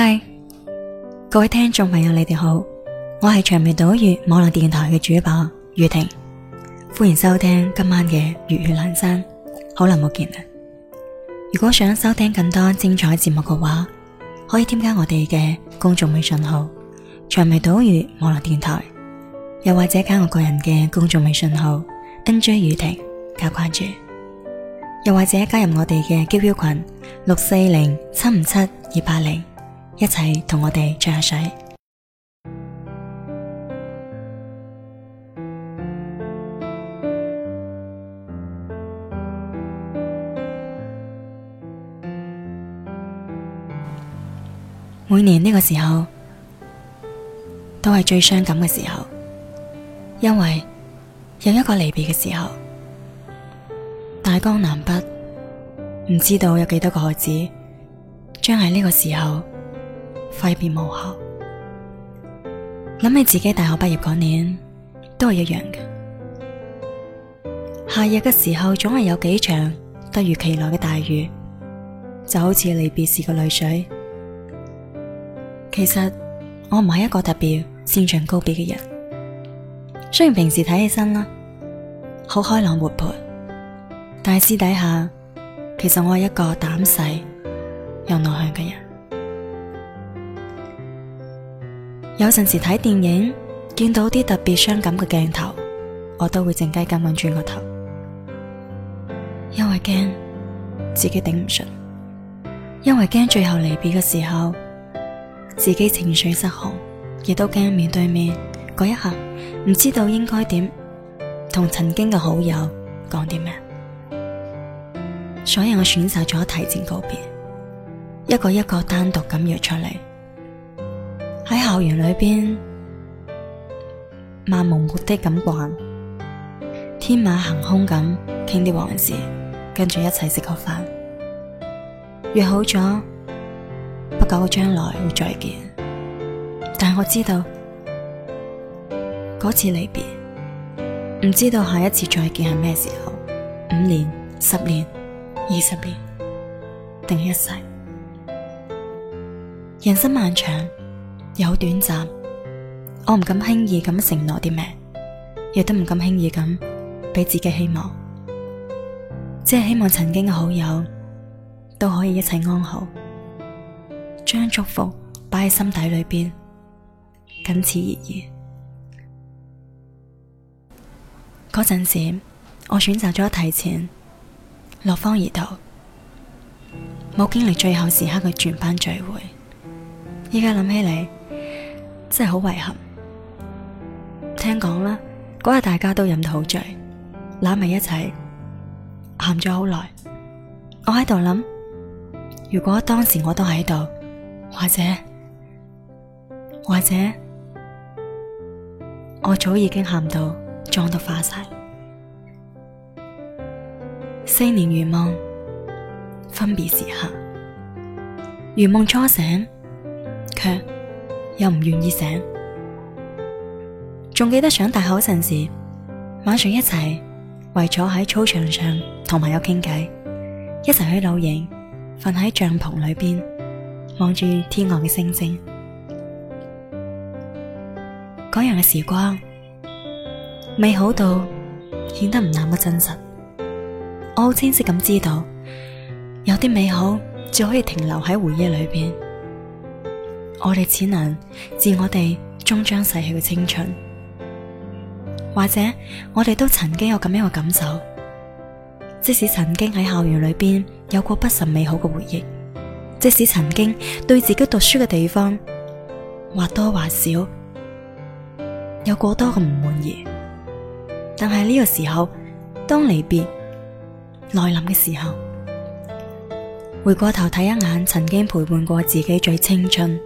嗨，各位聽眾朋友，你哋好，我係長眉島嶼網絡電台嘅主播雨婷，歡迎收聽今晚嘅粵語闌珊。好耐冇見啦！如果想收聽更多精彩節目嘅話，可以添加我哋嘅公眾微信號長眉島嶼網絡電台，又或者加我個人嘅公眾微信號 n j 雨婷加關注，又或者加入我哋嘅 QQ 群六四零七五七二八零。一齊同我哋吹下水。每年呢個時候，都係最傷感嘅時候，因為又一個離別嘅時候，大江南北唔知道有幾多個學子，將喺呢個時候。揮別母校，諗起自己大學畢業嗰年都係一樣嘅。夏日嘅時候總係有幾場突如其來嘅大雨，就好似離別時嘅淚水。其實我唔係一個特別擅長告別嘅人，雖然平時睇起身啦好開朗活潑，但係私底下其實我係一個膽細又內向嘅人。有陣時睇電影，見到啲特別傷感嘅鏡頭，我都會靜雞雞咁轉個頭，因為驚自己頂唔順，因為驚最後離別嘅時候，自己情緒失控，亦都驚面對面嗰一刻，唔知道應該點同曾經嘅好友講啲咩，所以我選擇咗提前告別，一個一個單獨咁約出嚟。喺校園裏邊，漫無目的咁逛，天馬行空咁傾啲往事，跟住一齊食個飯，約好咗不久嘅將來會再見。但我知道嗰次離別，唔知道下一次再見係咩時候，五年、十年、二十年，定一世？人生漫長，又短暫，我唔敢輕易咁承諾啲咩，亦都唔敢輕易咁俾自己希望，只係希望曾經嘅好友都可以一切安好，將祝福擺喺心底裏邊，僅此而已。嗰陣 時，我選擇咗提前落荒而逃，冇經歷最後時刻嘅全班聚會，依家諗起嚟，真係好遺憾。聽講啦，嗰日大家都飲得好醉，攬埋一齊，喊咗好耐。我喺度諗，如果當時我都喺度，或者或者，我早已經喊到，妝都化晒。四年如夢，分別時刻，如夢初醒，卻，又唔願意醒，仲記得上大學嗰陣時，晚上一齊圍坐喺操場上同朋友傾偈，一齊去露營，瞓喺帳篷裏邊，望住天外嘅星星。嗰樣嘅時光美好到顯得唔那麼真實，我好清晰咁知道，有啲美好只可以停留喺回憶裏邊。我哋只能致我哋終將逝去嘅青春，或者我哋都曾經有咁樣嘅感受，即使曾經喺校園裏邊有過不甚美好嘅回憶，即使曾經對自己讀書嘅地方或多或少有過多嘅唔滿意，但係呢個時候，當離別來臨嘅時候，回過頭睇一眼曾經陪伴過自己最青春。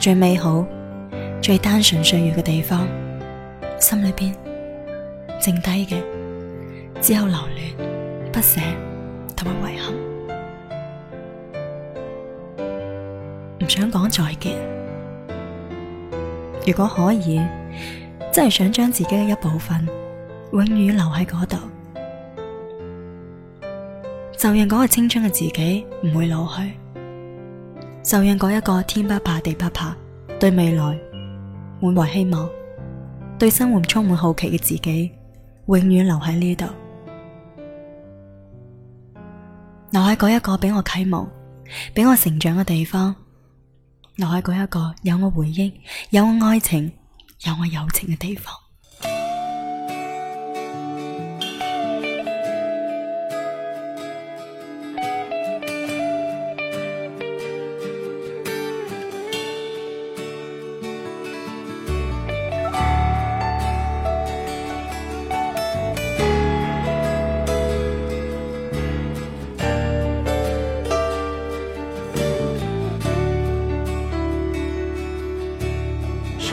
最美好、最單純歲月嘅地方，心裏邊剩低嘅只有留戀、不捨同埋遺憾，唔想講再見。如果可以，真係想將自己嘅一部分永遠留喺嗰度，就讓嗰個青春嘅自己唔會老去。就讓嗰一個天不怕地不怕、對未來滿懷希望、對生活充滿好奇嘅自己，永遠留喺呢度，留喺嗰一個俾我啟蒙、俾我成長嘅地方，留喺嗰一個有我回憶、有我愛情、有我友情嘅地方。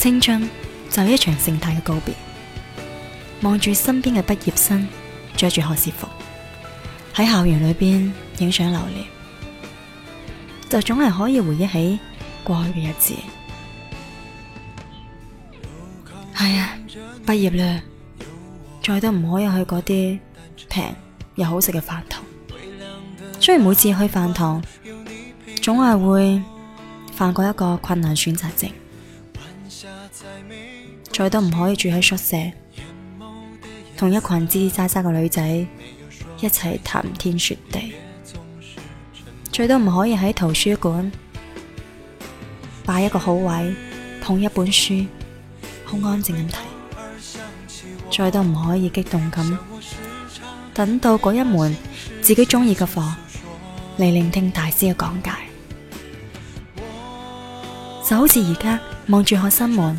青春就係一場盛大嘅告別，望住身邊嘅畢業生，着住學士服，喺校園裏邊影相留念，就總係可以回憶起過去嘅日子。哎、嗯、啊，畢業啦，再都唔可以去嗰啲平又好食嘅飯堂。雖然每次去飯堂，總係會犯過一個困難選擇症。再都唔可以住喺宿舍，同一群嘰嘰喳喳嘅女仔一齊談天說地；再都唔可以喺圖書館擺一個好位，捧一本書，好安靜咁睇；再都唔可以激動咁，等到嗰一門自己中意嘅課嚟聆聽大師嘅講解，我 就好似而家。望住學生們，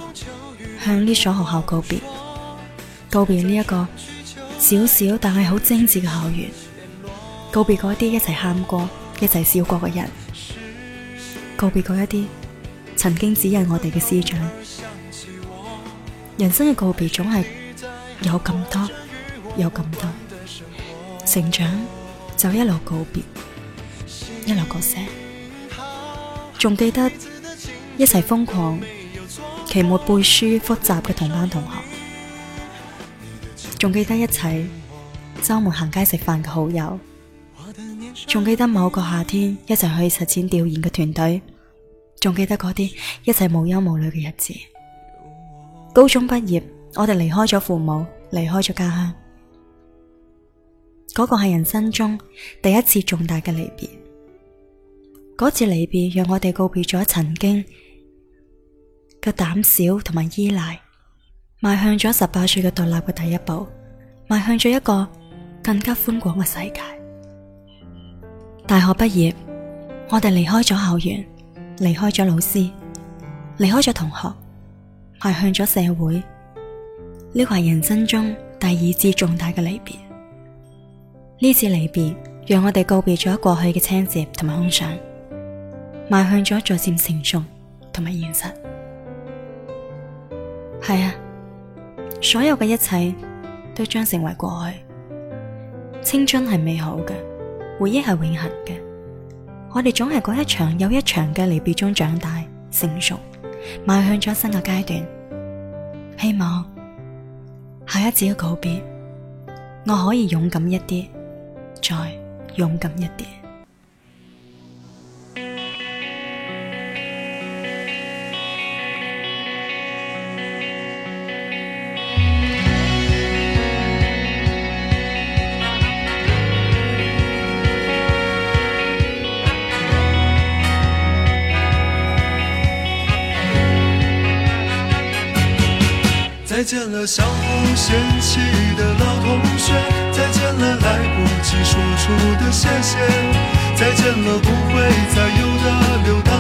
向呢所學校告別，告別呢、這、一個小小但係好精緻嘅校園，告別嗰啲一齊喊過、一齊笑過嘅人，告別嗰一啲曾經指引我哋嘅師長。人生嘅告別總係有咁多，有咁多。成長就一路告別，一路割捨，仲記得一齊瘋狂期末背書復習嘅同班同學，仲記得一齊周末行街食飯嘅好友，仲記得某個夏天一齊去實踐調研嘅團隊，仲記得嗰啲一齊無憂無慮嘅日子。高中畢業，我哋離開咗父母，離開咗家鄉，嗰個係人生中第一次重大嘅離別。嗰次離別讓我哋告別咗曾經。個膽小同埋依賴，邁向咗十八歲嘅獨立嘅第一步，邁向咗一個更加寬廣嘅世界。大學畢業，我哋離開咗校園，離開咗老師，離開咗同學，邁向咗社會。呢個係人生中第二次重大嘅離別。呢次離別，讓我哋告別咗過去嘅青澀同埋空想，邁向咗再漸成熟同埋現實。係啊，所有嘅一切都將成為過去。青春係美好嘅，回憶係永恆嘅。我哋總係嗰一場又一場嘅離別中長大、成熟，邁向咗新嘅階段。希望下一次嘅告別，我可以勇敢一啲，再勇敢一啲。相互嫌棄的老同學，再見了，來不及說出的謝謝，再見了，不會再有的留堂。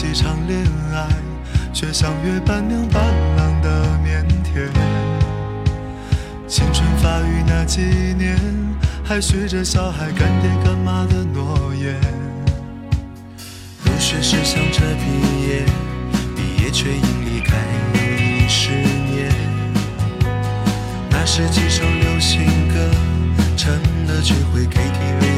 幾場戀愛，卻相約伴娘伴郎的靦腆。青春發育那幾年，還許着小孩乾爹乾媽的諾言。入學時想着畢業，畢業卻因離開友誼失眠。那時幾首流行歌，成了聚會 KTV。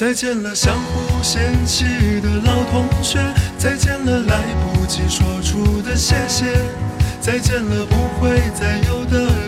再見了，相互嫌棄的老同學。再見了，來不及說出的謝謝。再見了，不會再有的。